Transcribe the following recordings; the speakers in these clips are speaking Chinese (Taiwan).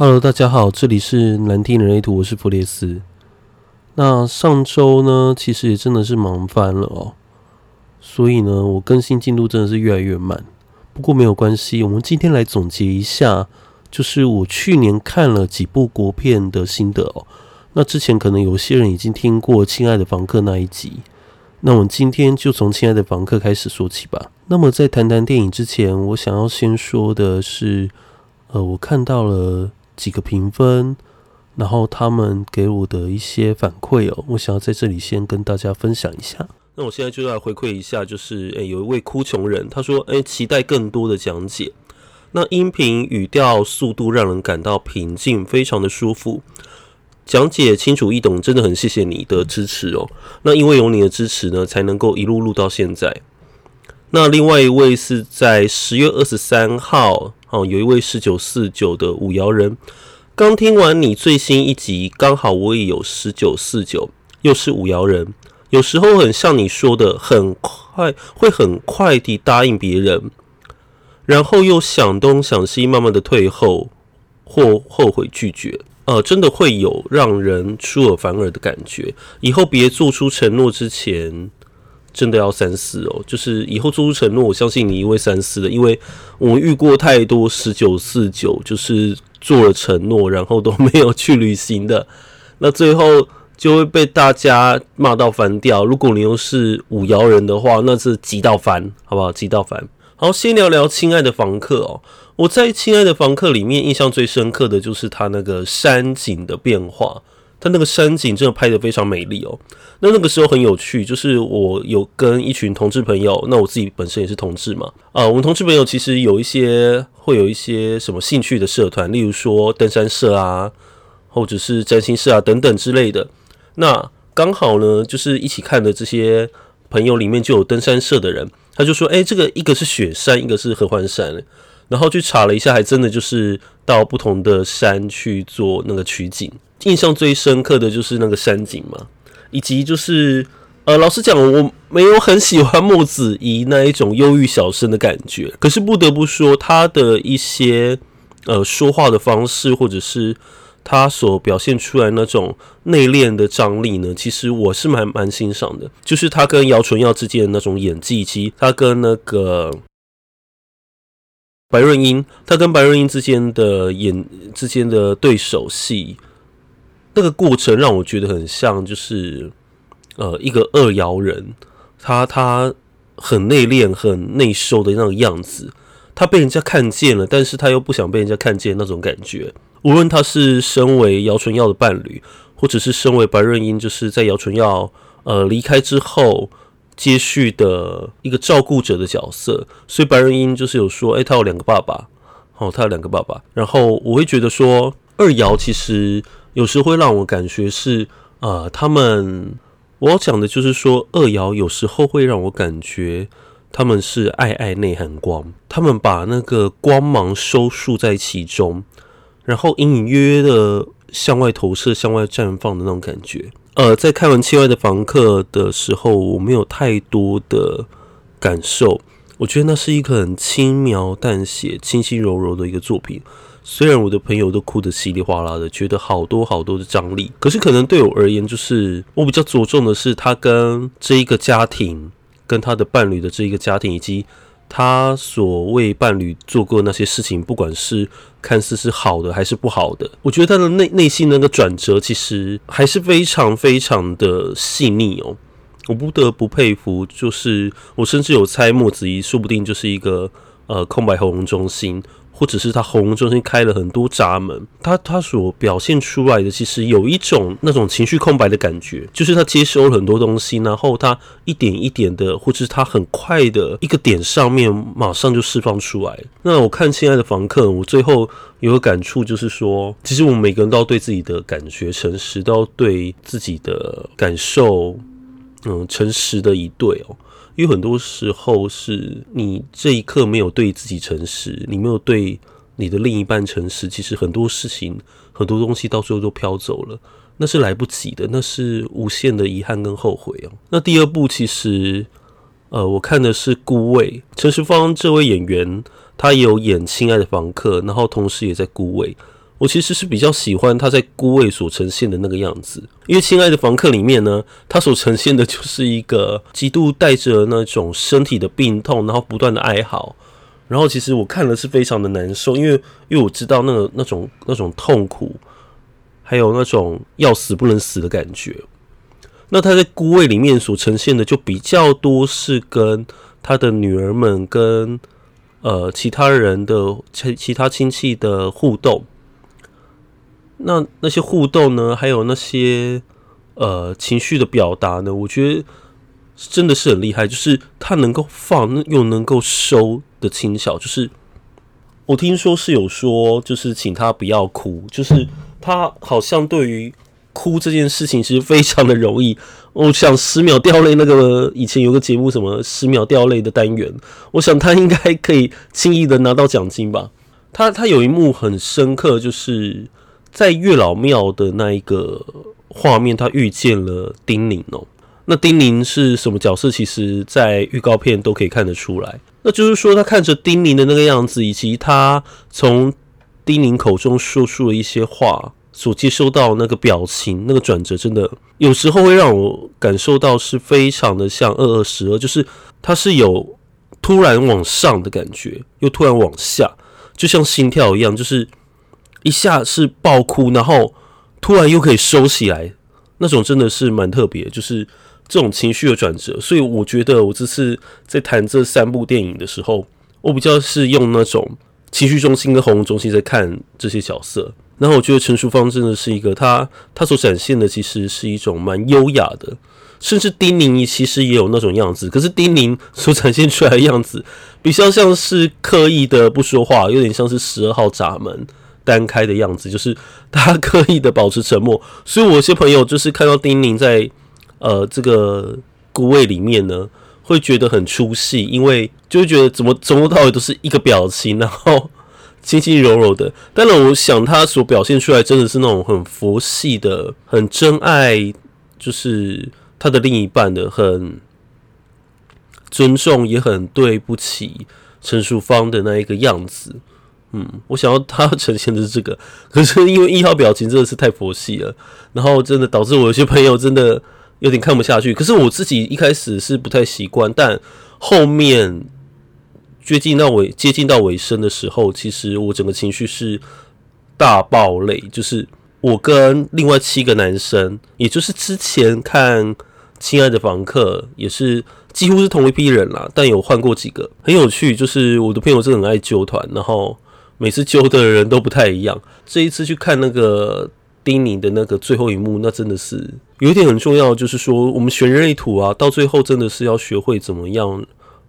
Hello，大家好，這裡是難聽人類圖，我是伏列斯。那上周呢，其實也真的是忙翻了哦，所以呢，我更新進度真的是越來越慢。不過沒有關係，我們今天來總結一下，就是我去年看了幾部國片的心得哦。那之前可能有些人已經聽過《親愛的房客》那一集，那我們今天就從《親愛的房客》開始說起吧。那麼在談談電影之前，我想要先說的是，呃，我看到了。幾個評分，然後，他們給我的一些反饋哦，我想要在這裡先跟大家分享一下。那我現在就來回饋一下，就是誒、欸，有一位哭窮人，他說：“誒，期待更多的講解。那音頻語調、速度讓人感到平靜，非常的舒服。講解清楚易懂，真的很謝謝你的支持哦、喔。那因為有你的支持呢，才能夠一路錄到現在。那另外一位是在十月二十三號。”哦，有一位1949的五爻人，剛聽完你最新一集，剛好我也有十九四九，又是五爻人。有時候很像你說的，很快會很快地答應別人，然後又想東想西，慢慢的退後或後悔拒絕。呃，真的會有讓人出爾反爾的感覺。以後別做出承諾之前，真的要三思哦，就是以後做出、出承諾，我相信你也會三思的，因為我遇過太多十九四九，就是做了承諾然後都沒有去履行的，那最後就會被大家罵到煩掉。如果你又是五爻人的話，那是急到煩，好不好？急到煩。好，先聊聊親愛的房客哦，我在親愛的房客裡面印象最深刻的就是他那個山景的變化。他那個山景真的拍得非常美麗哦。那那個時候很有趣，就是我有跟一群同志朋友，那我自己本身也是同志嘛，啊，我們同志朋友其實有一些會有一些什麼興趣的社團，例如說登山社啊，或者是占星社啊等等之類的。那剛好呢，就是一起看的這些朋友裡面就有登山社的人，他就說：“欸，這個一個是雪山，一個是合歡山。”然後去查了一下，還真的就是到不同的山去做那個取景。印象最深刻的就是那個山景嘛，以及就是呃，老實講，我沒有很喜歡莫子儀那一種憂鬱小生的感覺。可是不得不說，他的一些呃說話的方式，或者是他所表現出來那種內斂的張力呢，其實我是蠻蠻欣賞的。就是他跟姚淳耀之間的那種演技，以及他跟那個白潤音，他跟白潤音之間的演之間的對手戲。這個過程讓我覺得很像，就是呃，一個二瑤人，他他很內斂、很內收的那種樣子。他被人家看見了，但是他又不想被人家看見那種感覺。無論他是身為姚純耀的伴侶，或者是身為白潤英，就是在姚純耀呃離開之後接續的一個照顧者的角色。所以白潤英就是有說，誒，他有兩個爸爸，哦，他有兩個爸爸。然後我會覺得說，二瑤其實。有時會讓我感覺是，呃，他們，我要講的就是說，二爻有時候會讓我感覺他們是愛愛內含光，他們把那個光芒收束在其中，然後隱隱約約的向外投射、向外綻放的那種感覺。呃，在看完《親愛的房客》的時候，我沒有太多的感受。我覺得那是一個很輕描淡寫、輕輕柔柔的一個作品。雖然我的朋友都哭得稀里嘩啦的，覺得好多好多的張力，可是可能對我而言，就是我比較着重的是他跟這一個家庭、跟他的伴侶的這一個家庭，以及他所為伴侶做過那些事情，不管是看似是好的還是不好的，我覺得他的內內心那個轉折其實還是非常非常的細膩哦。我不得不佩服，就是我甚至有猜，莫子儀說不定就是一個呃空白喉嚨中心，或者是他喉嚨中心開了很多閘門。他他所表現出來的，其實有一種那種情緒空白的感覺，就是他接收了很多東西，然後他一點一點的，或者是他很快的一個點上面，馬上就釋放出來。那我看親愛的房客，我最後有個感觸，就是說，其實我們每個人都要對自己的感覺誠實，都要對自己的感受。嗯，誠實的一對哦，因為很多時候是你這一刻沒有對自己誠實，你沒有對你的另一半誠實，其實很多事情、很多東西到最後都飄走了，那是來不及的，那是無限的遺憾跟後悔哦。那第二部其實，呃，我看的是《孤味》。陳淑芳這位演員，他也有演《親愛的房客》，然後同時也在《孤味》。我其實是比較喜歡他在孤味所呈現的那個樣子，因為《親愛的房客》裡面呢，他所呈現的就是一個極度帶着那種身體的病痛，然後不斷的哀嚎，然後其實我看了是非常的難受，因為因為我知道那個那種那種痛苦，還有那種要死不能死的感覺。那他在孤味裡面所呈現的就比較多是跟他的女兒們跟呃其他人的其其他親戚的互動。那那些互動呢？還有那些呃情緒的表達呢？我覺得真的是很厲害，就是他能夠放又能夠收的輕巧。就是我聽說是有說，就是請他不要哭，就是他好像對於哭這件事情其實非常的容易。我想十秒掉淚，那個以前有個節目什麼十秒掉淚的單元，我想他應該可以輕易的拿到獎金吧？他他有一幕很深刻，就是。在月老廟的那一個畫面，他遇見了丁寧哦。那丁寧是什麼角色？其實，在預告片都可以看得出來。那就是說，他看着丁寧的那個樣子，以及他從丁寧口中說出的一些話，所接收到那個表情，那個轉折，真的有時候會讓我感受到是非常的像二二十二，就是他是有突然往上的感覺，又突然往下，就像心跳一樣，就是。一下是爆哭，然後突然又可以收起來，那種真的是蠻特別，就是這種情緒的轉折。所以我覺得我這次在談這三部電影的時候，我比較是用那種情緒中心跟喉嚨中心在看這些角色。然後我覺得陳淑芳真的是一個，他他所展現的其實是一種蠻優雅的，甚至丁寧其實也有那種樣子，可是丁寧所展現出來的樣子比較像是刻意的不說話，有點像是十二號閘門。單開的樣子，就是他刻意的保持沉默，所以我有些朋友就是看到丁寧在呃這個孤味裡面呢，會覺得很出戲，因為就會覺得怎麼從頭到尾都是一個表情，然後輕輕柔柔的。但是我想他所表現出來真的是那種很佛系的，很真愛，就是他的另一半的很尊重，也很對不起陳淑芳的那一個樣子。嗯，我想要他呈現的是這個，可是因為一號表情真的是太佛系了，然後真的導致我有些朋友真的有點看不下去。可是我自己一開始是不太習慣，但後面接近到尾接近到尾聲的時候，其實我整個情緒是大爆淚。就是我跟另外七個男生，也就是之前看《親愛的房客》也是幾乎是同一批人啦，但有換過幾個，很有趣。就是我的朋友真的很愛揪團，然後。每次揪的人都不太一樣。這一次去看那個丁寧的那個最後一幕，那真的是有一點很重要的，就是說我們學人類圖啊，到最後真的是要學會怎麼樣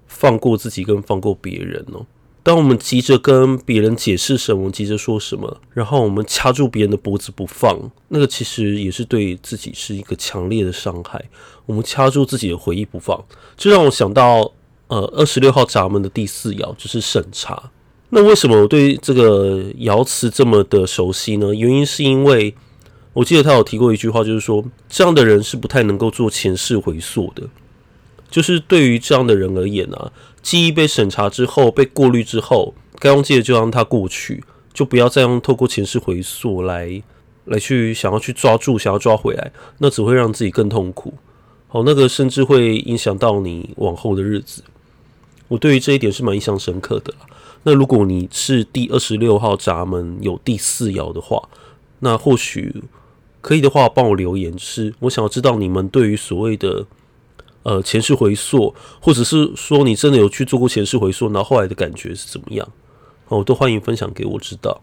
放過自己跟放過別人哦。當我們急着跟別人解釋什麼，急着說什麼，然後我們掐住別人的脖子不放，那個其實也是對自己是一個強烈的傷害。我們掐住自己的回憶不放，這讓我想到呃二十六號閘門的第四爻，就是審查。那為什麼我對這個爻辭這麼的熟悉呢？原因是因為我記得他有提過一句話，就是說這樣的人是不太能夠做前世回溯的。就是對於這樣的人而言啊，記憶被審查之後，被過濾之後，該忘記的就讓他過去，就不要再用透過前世回溯來來去想要去抓住、想要抓回來，那只會讓自己更痛苦。好，那個甚至會影響到你往後的日子。我對於這一點是蠻印象深刻的啦。那如果你是第二十六號閘門有第四爻的話，那或許可以的話，幫我留言，是我想要知道你們對於所謂的呃前世回溯，或者是說你真的有去做過前世回溯，然後後來的感覺是怎麼樣？哦，都歡迎分享給我知道。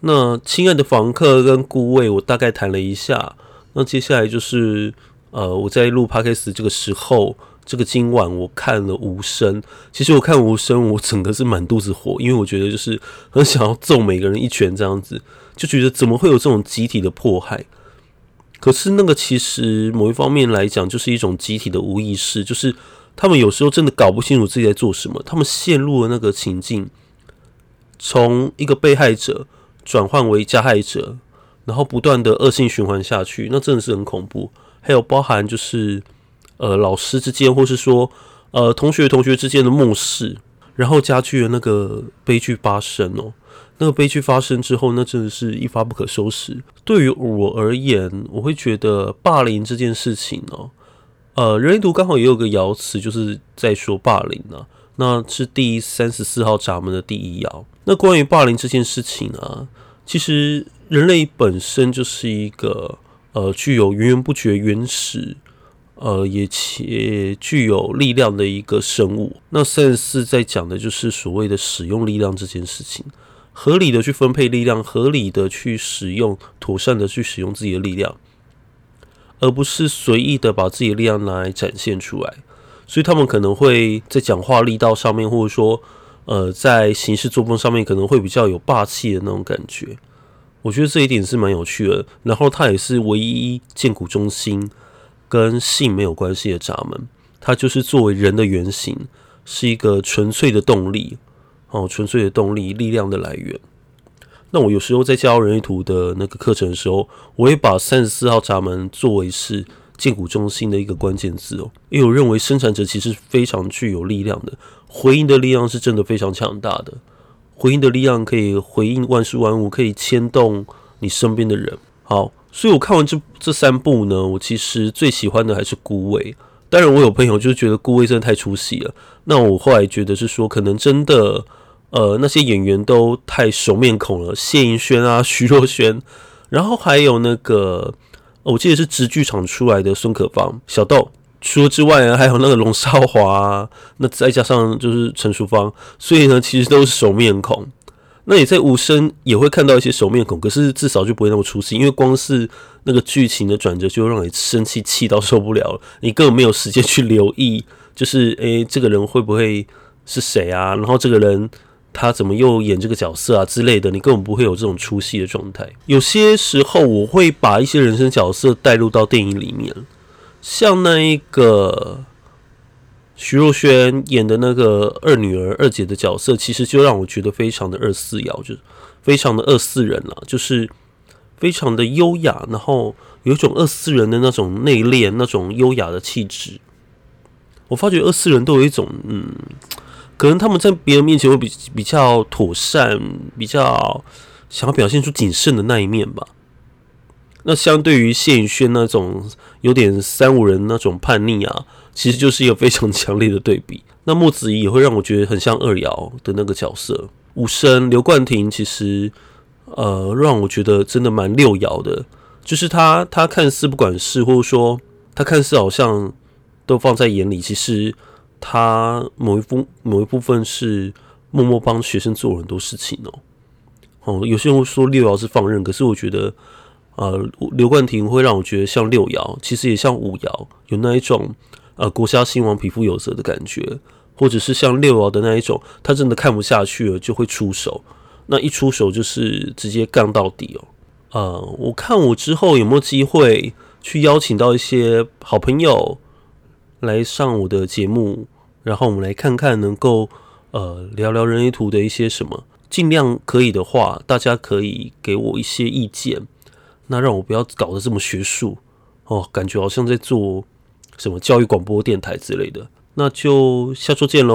那親愛的房客跟孤味我大概談了一下，那接下來就是呃我在錄 Podcast 這個時候。這個今晚我看了《無聲》，其實我看《無聲》，我整個是滿肚子火，因為我覺得就是很想要揍每個人一拳，這樣子，就覺得怎麼會有這種集體的迫害？可是那個其實某一方面來講，就是一種集體的無意識，就是他們有時候真的搞不清楚自己在做什麼，他們陷入了那個情境，從一個被害者轉換為加害者，然後不斷的惡性循環下去，那真的是很恐怖。還有包含就是。呃，老師之間，或是說，呃，同學同學之間的漠視，然後加劇了那個悲劇發生哦、喔。那個悲劇發生之後，那真的是一發不可收拾。對於我而言，我會覺得霸凌這件事情哦、喔，呃，人類圖剛好也有個爻辭，就是在說霸凌呢、啊。那是第三十四號閘門的第一爻。那關於霸凌這件事情啊，其實人類本身就是一個呃，具有源源不絕原始。呃，也且具有力量的一個生物。那三十四在講的就是所謂的使用力量這件事情，合理的去分配力量，合理的去使用，妥善的去使用自己的力量，而不是隨意的把自己的力量拿來展現出來。所以他們可能會在講話力道上面，或者說，呃，在行事作風上面，可能會比較有霸氣的那種感覺。我覺得這一點是蠻有趣的。然後他也是唯一劍骨忠心。跟性沒有關係的閘門，它就是作為人的原型，是一個純粹的動力哦，純粹的動力，力量的來源。那我有時候在教人類圖的那個課程的時候，我也把三十四號閘門作為是薦骨中心的一個關鍵字哦，因為我認為生產者其實非常具有力量的，回應的力量是真的非常強大的，回應的力量可以回應萬事萬物，可以牽動你身邊的人。好。所以我看完這這三部呢，我其實最喜歡的還是孤味。當然，我有朋友就覺得孤味真的太出戲了。那我後來覺得是說，可能真的，呃，那些演員都太熟面孔了，謝盈萱啊、徐若瑄，然後還有那個我記得是直劇場出來的孫可芳、小豆。除了之外呢，還有那個龍劭華，啊，那再加上就是陳淑芳，所以呢，其實都是熟面孔。那你在無聲也會看到一些熟面孔，可是至少就不會那麼出戲，因為光是那個劇情的轉折就會讓你生氣，氣到受不了了。你根本沒有時間去留意，就是，誒，這個人會不會是誰啊？然後這個人他怎麼又演這個角色啊之類的，你根本不會有這種出戲的狀態。有些時候我會把一些人生角色帶入到電影裡面，像那一個。徐若瑄演的那個二女兒、二姐的角色，其實就讓我覺得非常的二四瑤，就是非常的二四人了，就是非常的優雅，然後有一種二四人的那種內斂、那種優雅的氣質。我發覺二四人都有一種，嗯，可能他們在別人面前會比比較妥善，比較想要表現出謹慎的那一面吧。那相對於謝盈萱那種有點三五人那種叛逆啊。其實就是一個非常強烈的對比。那莫子儀也會讓我覺得很像二爻的那個角色。無聲劉冠廷其實，呃，讓我覺得真的蠻六爻的。就是他他看似不管事，或是說他看似好像都放在眼裡，其實他某一部某一部分是默默幫學生做很多事情哦。哦，有些人會說六爻是放任，可是我覺得，呃，劉冠廷會讓我覺得像六爻，其實也像五爻，有那一種。呃，國家興亡，匹夫有責的感覺，或者是像六爻的那一種，他真的看不下去了，就會出手。那一出手就是直接槓到底哦。呃，我看我之後有沒有機會去邀請到一些好朋友來上我的節目，然後我們來看看能夠呃聊聊人類圖的一些什麼。盡量可以的話，大家可以給我一些意見，那讓我不要搞得這麼學術哦，感覺好像在做。什麼教育廣播電台之類的，那就下周見嘍。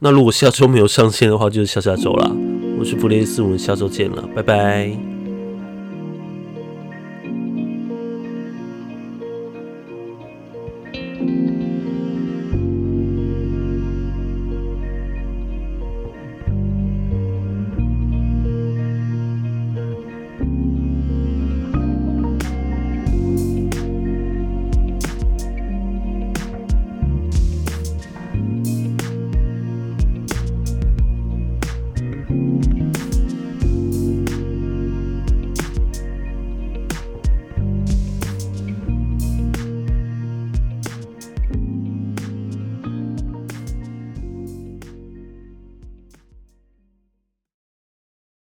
那如果下周沒有上線的話，就是下下週啦。我是伏列斯，我們下周見了，拜拜。